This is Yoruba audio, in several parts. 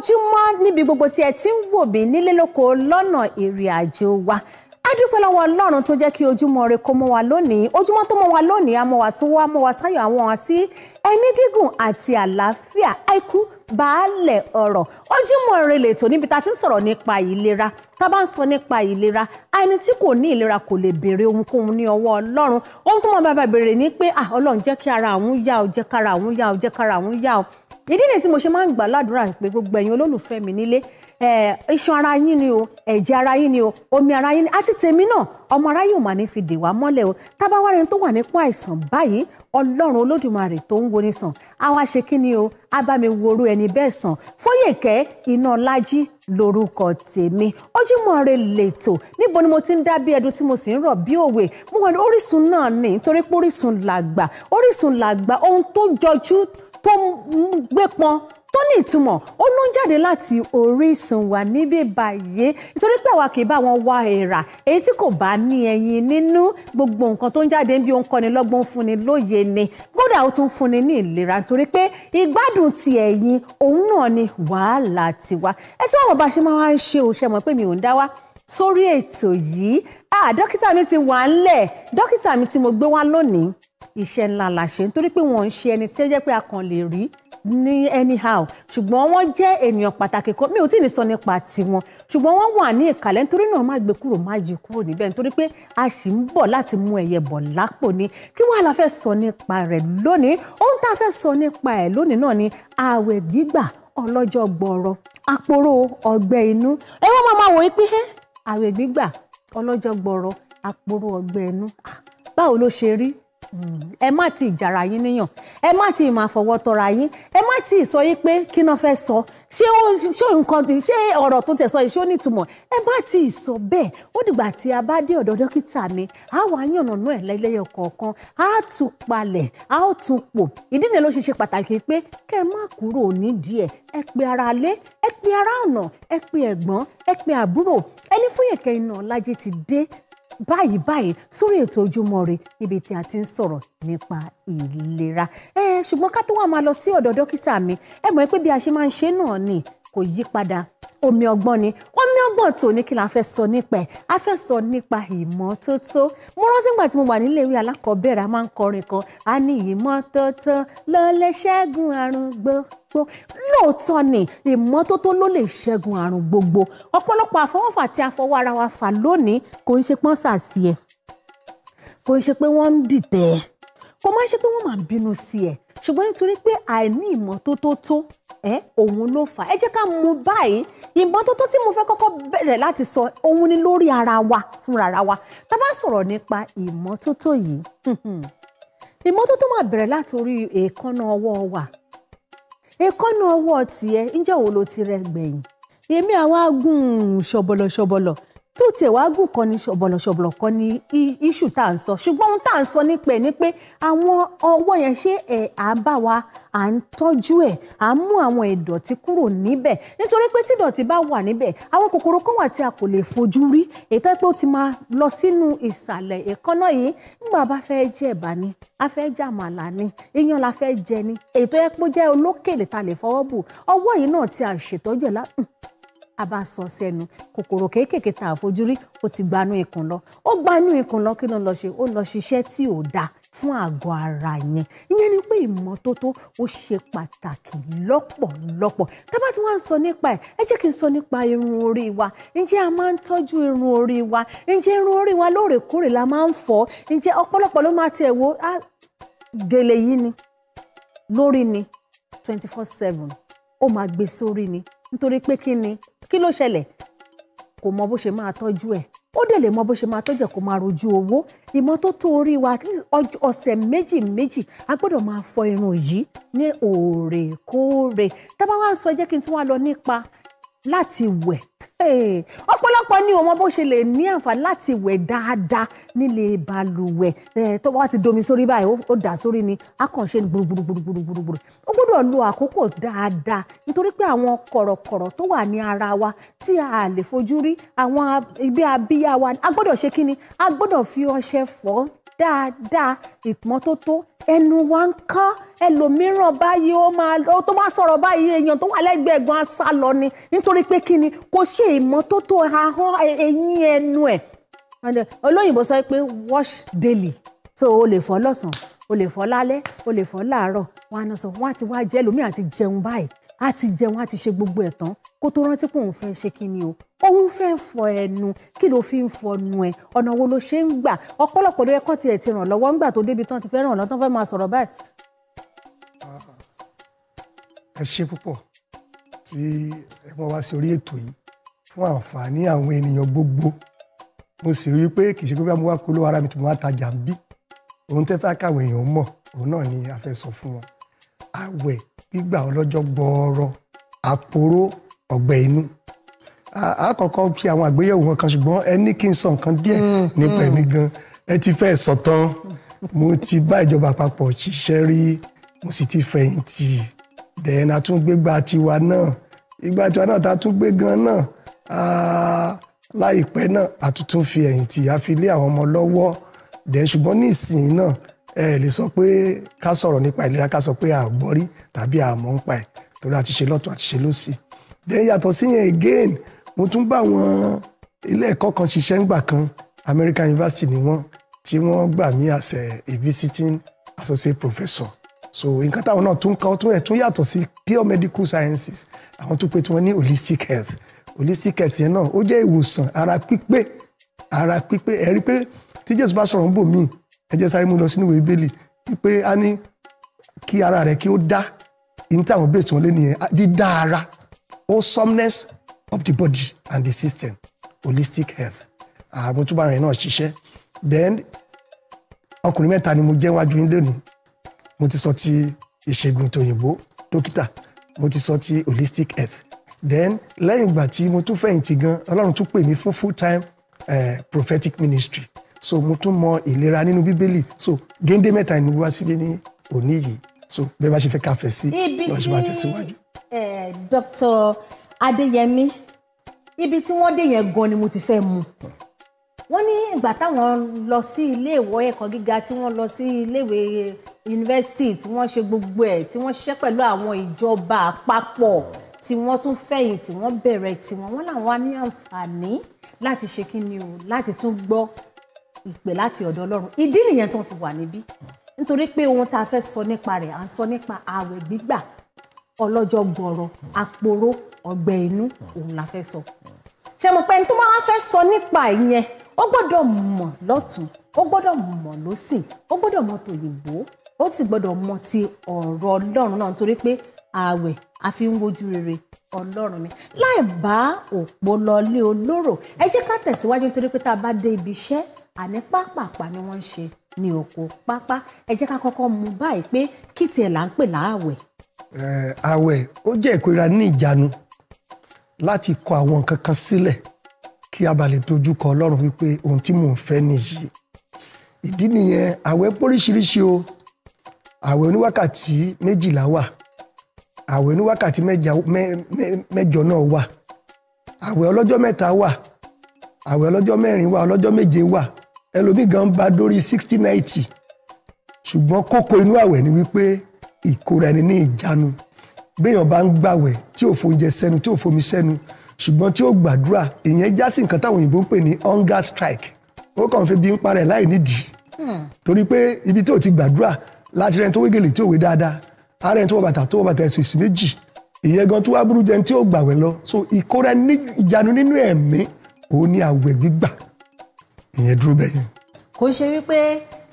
ojoojúmọ́ níbi gbogbo tí ẹ ti ń wò mí nílé lóko lọ́nà ìrìn àjò wa a dúpẹ́ lọ́wọ́ ọlọ́run tó jẹ́ kí ojúmọ́ rẹ kó mọ́ wa lónìí ojúmọ́ tó mọ́ wa lónìí a mọ́ wa sún wa mọ́ wa sáyọ̀ àwọn wa sí ẹ̀mí gígùn àti àlàáfíà àìkú baálẹ̀ ọ̀rọ̀ ojúmọ́ rẹ lètò níbi tá a ti ń sọ̀rọ̀ nípa ìlera tá a bá ń sọ nípa ìlera ẹni tí kò ní ìlera kò lè béèrè ohunkóhun ní ọwọ́ ọlọ́run ohun tó mọ bàbá béèrè ni pé ọlọ́run jẹ́ kí ara àwọn yá o jẹ́ kára àwọn yá o jẹ́ kára àwọn yá o ìdí nìyí tí mo ṣe máa ń gbà ládùúrà pé gbogbo ẹ̀yin olólùfẹ́ mi nílé iṣan ara yín ni o ẹ̀jẹ̀ ara yín ni o omi ara yín ni àti tèmi náà ọmọ ara yóò mà ní fi dè wá mọ́lẹ̀ o tábáwárin tó wà nípò àìsàn báyìí ọlọ́run olódùmarè tó ń woni sàn á wá ṣe kí ni o á bá mi worú ẹni bẹ́ẹ̀ sàn Fóyèkẹ́ Ináolájí lórúkọ tèmi Ojúmọ́ Ire lètò níbo ni mo ti ń dá bí ẹdun tí mo sì ń rọ̀ bí òwe mo wà ní Orísun náà ni nítorí pé Orísun làgbà Orísun làgbà ohun tó jọjú tó gbé pọn tó ní ìtumọ̀ ó ló ń jáde láti orísun wa níbí báyìí nítorí pé àwa kì í bá wọn wá èèrà èyí tí kò bá ní ẹyin nínú gbogbo nǹkan tó ń jáde ń bí òun kọ́ni lọ́gbọ́n fúnni lóye ni kódà ó tún fúnni ní ìlera nítorí pé ìgbádùn ti ẹ̀yin òun náà ni wàhálà tiwa ẹ tí wọn mọ bá ṣe máa ń ṣe òṣè mọ pé mi ò ń dá wá sórí ètò yìí ah dókítà mi ti wà ńlẹ̀ dókítà mi tí mo gbé wá lónìí iṣẹ́ ńlá la ṣe nítorí pé wọ́n ń ṣe ẹni tí ó jẹ́ pé a kàn lè rí ní anyhow ṣùgbọ́n wọ́n jẹ́ ènìyàn pàtàkì kan mi ò tí ì ní sọ nípa tiwọn ṣùgbọ́n wọ́n wà ní ìkàlẹ̀ nítorí náà má gbé kúrò má yí kúrò níbẹ̀ nítorí pé a sì ń bọ̀ láti mú ẹyẹ bọ̀ lápò ni kí wàá la fẹ́ sọ nípa rẹ̀ lónìí ohun tá a fẹ́ sọ nípa ẹ̀ lónìí náà ni ààwẹ̀ gbígbà ọlọ́jọ́ gbọọrọ àpòrò ọgbẹ́ inú ẹ wọ́n máa máa wò wípé ààwẹ̀ gbígbà ọlọ́jọ́ gbọọrọ àpòrò ọgbẹ́ inú ah, báwo ló ṣe rí ẹ má ti ìjára yín níyàn ẹ má ti ìmọ̀ àfọwọ́ tọra yín ẹ má ti sọ yín pé kí náà fẹ́ sọ ṣé ó ṣó nǹkan ṣé ọ̀rọ̀ tó tẹ̀ sọ yìí ṣó nítumọ̀ ẹ má ti sọ bẹ́ẹ̀ ó dìgbà tí a bá dé ọ̀dọ̀ dókítà mi a wà yànnà náà lẹ́lẹ́yọ̀ kọ̀ọ̀kan a tún palẹ̀ a ó tún pò ìdí nìyẹn ló ṣe ṣe pàtàkì pé kẹ́ ẹ má kúrò nídìí ẹ̀ ẹ pe ara lé ẹ pe ara ọ̀nà ẹ pe ẹ̀gbọ́n ẹ pe àbúrò ẹni Fúyèkẹ́ Inaọlájí ti dé báyìí báyìí sórí ètò ojúmọ́ ire níbi tí a ti ń sọ̀rọ̀ nípa ìlera. ṣùgbọ́n ká tó wà máa lọ sí ọ̀dọ̀ dókítà mi ẹ mọ̀ pé bí a ṣe máa ń ṣe náà ni kò yí padà omi ọgbọ́n ni omi ọgbọ́n tòní kí la fẹ́ sọ nípa ẹ̀ a fẹ́ sọ nípa ìmọ́tótó mo rántí ìgbà tí mo wà nílé ìwé alákọ̀ọ́bẹ̀rẹ̀ a máa ń kọrin kan a ní ìmọ́tótó ló lè ṣẹ́gun àrùn gbogbo lóòótọ́ ni ìmọ́tótó ló lè ṣẹ́gun àrùn gbogbo ọ̀pọ̀lọpọ̀ àfọwọ́fà tí a fọwọ́ ara wa fà lónìí kò ń ṣe pọ́nsà sí ẹ kò ń ṣe pé wọ́n ń dìtẹ̀ kò má ṣe pé wọ́n máa bínú sí ẹ ṣùgbọ́n nítorí pé àìní ìmọ́tótó tó ẹ òun ló fà ẹ jẹ́ ká mú báyìí ìmọ́tótó tí mo fẹ́ kọ́kọ́ bẹ̀rẹ̀ láti sọ òun ni lórí ara wa fúnra ara wa tá a bá sọ̀rọ̀ nípa ìmọ́tótó yìí ìmọ́tótó máa bẹ̀rẹ̀ láti orí èékánná ọwọ́ wa èékánná ọwọ́ tiẹ̀ ǹjẹ́ wo ló ti rẹ gbẹ̀yìn èmi àwa gùn ṣọ̀bọ̀lọ̀ ṣọ̀bọ̀lọ̀ tó tiẹ̀ wá gùn kọ́ ni ṣọ̀bọ̀lọ̀ṣọ̀bọ̀lọ̀ kọ́ ni iṣu tá à ń sọ ṣùgbọ́n ohun tá à ń sọ nípa ẹ̀ ni pé àwọn ọwọ́ yẹn ṣé ẹ̀ à ń bá wa à ń tọ́jú ẹ̀ à ń mú àwọn ìdọ̀tí kúrò níbẹ̀ nítorí pé tí ìdọ̀tí bá wà níbẹ̀ àwọn kòkòrò kan wà tí a kò lè fojú rí èyí tó pé ó ti máa lọ sínú ìsàlẹ̀ èékánná yìí nígbà bá fẹ́ jẹ ẹ̀bà ni a fẹ́ jẹ àmàlà ni iyán la fẹ́ jẹ ni èyí tó yẹ pé ó jẹ́ olókèlè ta lè fọwọ́ bù ọwọ́ yìí náà tí a ṣètọ́jú ẹ̀ lá a bá sọ sẹ́nu kòkòrò kéékèèké tá a fojúrí ó ti gbanú ikùn lọ ó gbanú ikùn lọ kí ló lọ ṣe ó lọ ṣiṣẹ́ tí ò dáa fún àgọ́ ara yẹn ìyẹn ni pé ìmọ́tótó ó ṣe pàtàkì lọ́pọ̀lọpọ̀ tá bá ti wá ń sọ nípa ẹ̀ ẹ jẹ́ kí n sọ nípa irun orí wa ǹjẹ́ a máa ń tọ́jú irun orí wa ǹjẹ́ irun orí wa lóòrèkóòrè la máa ń fọ̀ ǹjẹ́ ọ̀pọ̀lọpọ̀ ló máa tiẹ̀ wo ah, gèlè yìí ni lórí ni twenty four seven ó máa gbé sórí ni nítorí pé kí ni kí ló ṣẹlẹ̀ kò mọ bó ṣe máa tọ́jú ẹ̀ ó dẹ̀ lè mọ bó ṣe máa tọ́jú ẹ̀ kó máa rojú owó ìmọ́tótó orí wa at least ọ̀sẹ̀ méjì méjì a gbọ́dọ̀ máa fọ irun yìí ní òòrèkóòrè tá bá wá sọ jẹ́ kí n tún wá lọ nípa láti wẹ̀ ọ̀pọ̀lọpọ̀ ni ò mọ bó ṣe lè ní àǹfààní láti wẹ̀ dáadáa nílé balùwẹ̀ tó bá ti domi sórí báyìí ó dà sórí ni a kàn ṣe gbùrùgbùrùgbùrùgbùrù ó gbọ́dọ̀ lo àkókò dáadáa nítorí pé àwọn kọ̀rọ̀kọ̀rọ̀ tó wà ní ara wa tí a lè fojú rí àwọn ibi abíyá wa a gbọ́dọ̀ ṣe kí ni a gbọ́dọ̀ fi ọṣẹ fọ̀ dáadáa ìmọ́tótó ẹnu wa ń kọ́ ẹlòmíràn báyìí ó máa lọ tó bá sọ̀rọ̀ báyìí èèyàn tó wà lẹ́gbẹ̀ẹ́ gan asá lọ ni nítorí pé kí ni kò ṣe ìmọ́tótó ahọ́n e, eyín ẹnu ẹ̀ uh, olóyìnbó sọ pé wash daily so o lè fọ̀ lọ́sàn-án o lè fọ̀ lálẹ́ o lè fọ̀ láàárọ̀ wọn á náà sọ wọn àti wá jẹ́ ẹlòmíràn àti jẹun báyìí á ti jẹun á ti ṣe gbogbo ẹ̀ tán kó tó rántí pé òun fẹ́ ṣe kí ni o òun fẹ́ fọ ẹnu kí ló fi ń fọnu ẹ ọ̀nà wo ló ṣe ń gbà ọ̀pọ̀lọpọ̀ ló yẹ kán tiẹ̀ ti ràn lọ́wọ́ ńgbà tó débi tán ti fẹ́ ràn lọ́tọ́ fẹ́ máa sọ̀rọ̀ báyìí. ẹ ṣe púpọ̀ tí ẹ mọ́ wá sí orí ètò yìí fún àǹfààní àwọn ènìyàn gbogbo mo sì rí i pé kì í ṣe pé bí wọ́n wá polówó ara mi tó máa tajà ń bí òun tẹ́ fẹ́ káwọn èèyàn mọ̀ òun náà ni a fẹ́ sọ fún wọn àwẹ̀ gbígbà ọlọ́jọ́ gbọọrọ àpòrò ọ̀gbẹ́ inú àkọ́kọ́ ṣe àwọn àgbéyẹ̀wò wọn kan ṣùgbọ́n ẹ ní kí n sọ nǹkan díẹ̀ nípa ẹ̀mí mm-hmm. gan ẹ ti fẹ́ sọ tán mo ti bá ìjọba àpapọ̀ ṣiṣẹ́ rí mo sì ti fẹ̀yìntì dẹ̀yẹn àtúngbégbà tiwa náà ìgbà tiwa náà tá a tún gbé gan náà láìpẹ́ náà àtúntún fi ẹ̀yìntì àfilé àwọn ọmọ lọ́wọ́ dẹ̀ ṣùgbọ́n ní ìsìn náà ẹ lè sọ pé ká sọ̀rọ̀ nípa ìlera ká sọ pé àgbọ́rí tàbí àmọ́ ń pa ẹ̀ torí àti ṣe lọ́tún àti ṣe lósì dẹ̀ yàtọ̀ síyẹn again mo tún bá àwọn ilé ẹ̀kọ́ kan ṣiṣẹ́ ńgbà kan American University ni wọ́n tí wọ́n gbà mí as a, visiting associate professor so nǹkan táwọn náà tún kan tún ẹ̀ tún yàtọ̀ sí pure medical sciences àwọn tún pé tí wọ́n ní holistic health holistic health yẹn náà ó jẹ́ ìwòsàn ara pípé ara pípé ẹ rí pé tí Jésù bá sọ̀rọ̀ ń bò míì ẹ jẹ́ sáré mú lọ sínú ìwé Bíbélì pé a ní kí ara rẹ̀ kí ó dá ní táwọn bẹ́ẹ̀ tí wọ́n lé nìyẹn dídá ara ó someness of the body and the system holistic health àwọn ah, tó bá rìn náà ṣiṣẹ́ then ọkùnrin mẹ́ta ni mo jẹ́ wájú yín lónìí mo ti sọ ti ìṣègùn tòyìnbó dókítà mo ti sọ ti holistic health then lẹ́yìn ìgbà tí mo tún fẹ̀yìntì gan ọlọ́run tún pè mí fún full time uh, eh, prophetic ministry so mo tún mọ ìlera nínú bíbélì so géńdé mẹ́ta ni mo wá sílé ní òní yìí so bẹ́ẹ̀ bá ṣe fẹ́ káfẹ́ sí lọ́sibà tẹ̀síwájú. ibi tí eh, dr adéyẹmí ibi tí wọ́n dé yẹn gan ni mo ti fẹ́ mu wọ́n ní ìgbà táwọn lọ sí iléèwé ẹ̀kọ́ gíga tí wọ́n lọ sí iléèwé yunifásitì tí wọ́n ṣe gbogbo ẹ̀ tí wọ́n ṣiṣẹ́ pẹ̀lú àwọn ìjọba àpapọ̀ tí wọ́n tún fẹ̀yìn tí wọ́n bẹ̀rẹ̀ tiwọn wọ́n làwọn á ní àǹfààní láti ṣe kí ni o láti tún gbọ́ ìpè láti ọ̀dọ̀ ọlọ́run ìdí nìyẹn tó fi wà níbí nítorí pé ohun tá a fẹ́ sọ nípa rẹ̀ à ń sọ nípa ààwẹ̀ gbígbà ọlọ́jọ́ gbọ̀rọ̀ àpòró ọgbẹ́ inú òun la fẹ́ sọ. ṣé mo pé ẹni tó bá wá fẹ́ sọ nípa ìyẹn ó gbọ́dọ̀ mọ̀ lọ́tún ó gbọ́dọ̀ mọ̀ lọ́sìn ó gbọ́dọ̀ mọ̀ tòyìnbó ó sì gbọ́dọ̀ mọ̀ ti ọ̀rọ̀ ọlọ́run náà nítorí pé ààwẹ̀ a fi ń wojú rere ọlọ́run ni láì bá òpó lọlé olóró ẹ jẹ́ ká tẹ̀síwájú nítorí pé tá a bá dé ibi iṣẹ́ àní pápápá ni wọ́n ń ṣe ní oko pápá ẹ jẹ́ ká kọ́kọ́ mú báyìí pé kí tiẹ̀ là ń pè láàwẹ̀ ààwẹ̀ eh, ó jẹ́ ìkóra ní ìjánu láti kọ àwọn nǹkan kan sílẹ̀ kí a bá lè dojú kọ ọlọ́run wípé ohun tí mò ń fẹ́ nìyí ìdí nìyẹn ààwẹ̀ póríṣiríṣi o ààwẹ̀ oníwákàtí méjìlá wà ààwẹ̀ oníwákàtí mẹ́jọ náà wà ààwẹ̀ ọlọ́jọ́ mẹ́ta wà ààwẹ̀ ọlọ́jọ́ mẹ́rin wà ọlọ́jọ́ méje wà ẹlòmíì gan bá dórí sixty ninety ṣùgbọ́n kókó inú ààwẹ̀ ni wípé ìkóra ẹni ní ìjánu béèyàn bá ń gbàwẹ̀ tí ò fóúnjẹ sẹ́nu tí ò fomi sẹ́nu ṣùgbọ́n tí ó gbàdúrà ìyẹn já sí nǹkan táwọn òyìnbó ń pè ní hunger strike ó kàn fi bí ń parẹ́ láì nídìí hmm. torí pé ibi tí ò ti gbàdúrà láti rẹni tó wégele tí ò wé dáadáa ara ẹni tó wọ bàtà tó wọ bàtà ẹsẹ̀ sí méjì ìyẹn gan tó wá burú jẹun tí ó gbàwẹ̀ lọ so ìkóra ní ìjánu nínú ẹ̀mí òun ni àwẹ̀ gbígbà ìyẹn dúró bẹ́yẹn. kò ń ṣe wípé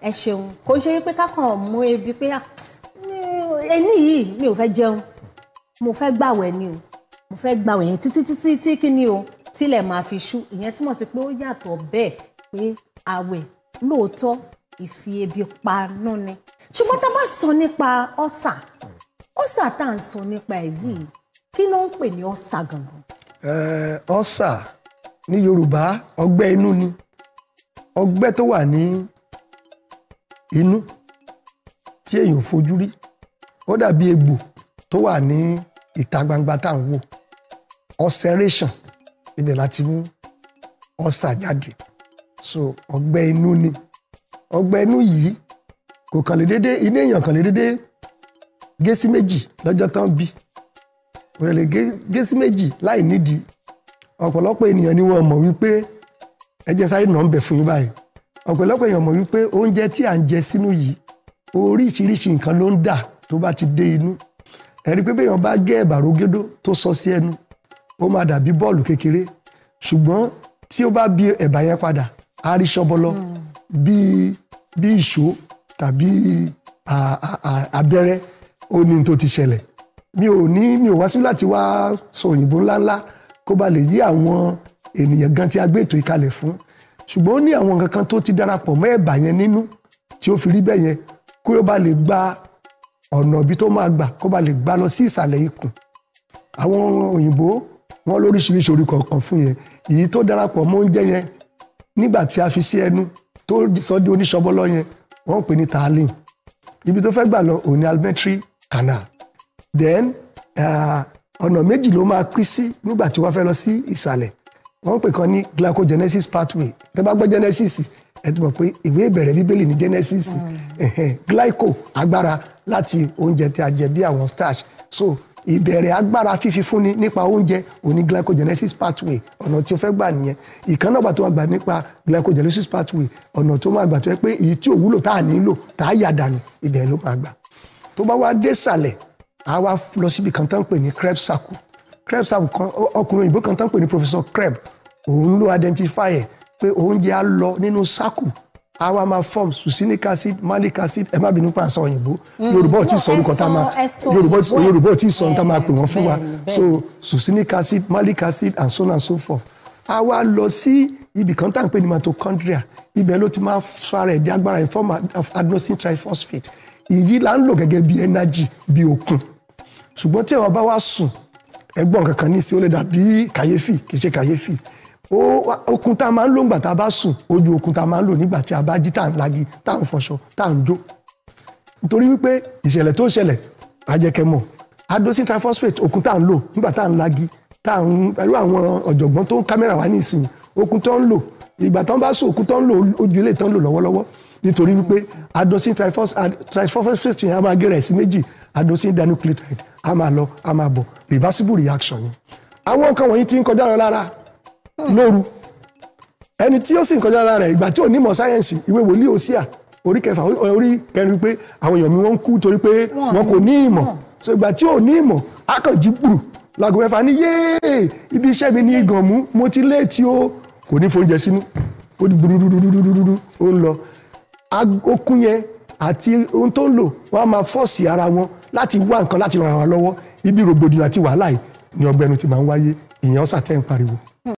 ẹ ṣeun kò ń ṣe wípé kákan mú ebi pé ah, ẹni yìí mi ò fẹ́ jẹun mo fẹ́ gbàwẹ̀ ni o mo fẹ́ gbàwẹ̀ yẹn títí títí tí kí ni o tílẹ̀ máa fi ṣú ìyẹn túmọ̀ sí pé ó yàtọ̀ bẹ́ẹ̀ pé àwẹ̀ lóòótọ́ ìfi ebi panú ni ṣùgbọ́n tá a bá sọ nípa ọ̀sà ọ̀sà tá à ń sọ nípa ẹ̀ yìí kí ló ń pè ní ọ̀sà gangan. ọ̀sà ní Yorùbá ọgbẹ́ inú ni ọgbẹ́ tó wà ní inú tí èèyàn fojú rí ó dàbí egbò tó wà ní ìta gbangba tá à ń wò ulceration ibẹ̀ láti mú ulcer jáde so ọgbẹ́ inú ni ọgbẹ́ inú yìí kò kàn lè dédé inú èèyàn kàn lè dédé gé sí méjì lọ́jọ́ tán bí kò lè gé sí méjì láì nídìí ọ̀pọ̀lọpọ̀ ènìyàn ni wọ́n mọ̀ wípé ẹ jẹ́ sáré nà ń bẹ̀ fún yín báyìí ọ̀pọ̀lọpọ̀ èèyàn mọ̀ wípé oúnjẹ tí à ń jẹ sínú yìí oríṣiríṣi nǹkan ló ń dà tó bá ti dé inú ẹ̀rí pé béèyàn bá gé ẹ̀bà rógédó tó sọ sí ẹnu ó máa dàbí bọ́ọ̀lù kékeré ṣùgbọ́n tí ó bá bí ẹ̀bà yẹn padà á rí ṣọ́bọlọ bíi bíi ìṣó tàbí abẹ́rẹ́ ó ní tó ti ṣẹlẹ̀ mi ò ní mi ò wá sí láti wá sọ òyìnbó ńláńlá kó ba lè yí àwọn ènìyàn gan tí a gbé ètò ìkalẹ̀ fún ṣùgbọ́n ó ní àwọn nǹkan kan tó ti darapọ̀ mọ́ ẹ̀bà yẹn nínú tí ó fi rí bẹ́ẹ̀ yẹn kó o bá lè gba ọ̀nà ibi tó máa gbà kó ba lè gbá lọ sí ìsàlẹ̀ ikùn àwọn òyìnbó wọn lóríṣiríṣi orí kọ̀ọ̀kan fún yẹn èyí tó darapọ̀ mọ́ oúnjẹ yẹn nígbà tí a fi sí ẹnu tó sọ di oníṣọbọlọ yẹn wọ́n ń pè ní taalin ibi tó fẹ́ gbà lọ òun ni canal then ọ̀nà méjì ló máa pín sí nígbà tí wọ́n fẹ́ lọ sí ìsàlẹ̀ wọ́n pè kan ní glycogenesis pathway tẹ́ bá gbọ́ genesis ẹ ti mọ̀ pé ìwé ìbẹ̀rẹ̀ bíbélì ní genesis mm. glyco agbára láti oúnjẹ tí a jẹ bí àwọn starch so ìbẹ̀rẹ̀ agbára fífi fúnni nípa oúnjẹ òní glycogenesis pathway ọ̀nà tí o fẹ́ gbà nìyẹn ìkan náà tó máa gbà nípa glycogenesis pathway ọ̀nà tó máa gbà tó yẹ pé èyí tí ò wúlò tá à nílò tá à yà dànù ìbẹ̀rẹ̀ ló máa gbà tó bá wá dé sàlẹ̀ a wá lọ síbi kan tán pè ní Krebs circle Krebs circle kan ọkùnrin òyìnbó kan tán pè ní professor Krebs òun ló identify ẹ̀ pé oúnjẹ á lọ nínú circle Awa wá máa form succinic acid malic acid ẹ má bínú pa àṣà òyìnbó yorùbá ò tí ì sọ a máa yorùbá ò tí ì sọ ohun tá a pè wọ́n fún wa so succinic acid malic acid and so on and so forth Awa wá lọ sí ibì kan tá à ń pè ní mitochondria ibẹ̀ ló ti máa fara ẹ̀dí agbára in form of adenosine triphosphate ìyí là ń lò gẹ́gẹ́ bí energy bí okun ṣùgbọ́n tí àwọn bá wá sùn ẹgbọ́n kankan ní sí ó lè dàbí kàyéfì kì í ṣe kàyéfì okun tá a máa ń lò nígbà tá a bá sùn ojú okun tá a máa ń lò nígbà tí a bá jí tá à ń lagi tá à ń fọṣọ tá à ń jó nítorí wípé ìṣẹ̀lẹ̀ tó ń ṣẹlẹ̀ ajẹkẹmọ̀ adosin triphosphate okun tá à ń lò nígbà tá à ń lagi tá à ń pẹ̀lú àwọn ọ̀jọ̀gbọ́n tó ń kámẹ́rà wá nísìnyí okun tó ń lò ìgbà tó ń bá sùn okun tó ń lò ojú ilé tó ń lò lọ́wọ́lọ́wọ́ nítorí wípé adosin triphosphate yẹn a máa gẹ̀rẹ̀ sí méjì adosin lóru ẹni tí ó sì ń kọjá lára rẹ̀ ìgbà tí ò ní mọ̀ sáyẹ̀nsì ìwé wòlíì òsíà orí kẹfà orí kẹrin pé àwọn èèyàn mi wọ́n ń kú torí pé wọn kò ní ìmọ̀ so ìgbà tí ò ní ìmọ̀ akànjí gbùrù láago mẹ́fà ní yéé ibi iṣẹ́ mi ní ìgànmú mo ti léètì o kò ní fóúnjẹ sínú ó di gbùrùdùdùdùdùdù ó ń lọ okun yẹn àti ohun tó ń lò wọn a máa fọ́ọ̀sì ara wọn láti wá nǹkan láti ràn wá lọ́wọ́ ibi rògbòdìyàn àti wàhálà yìí ni ọgbẹ́nu ti máa ń wáyé ìyẹn ọ̀sà tẹ́ ń pariwo.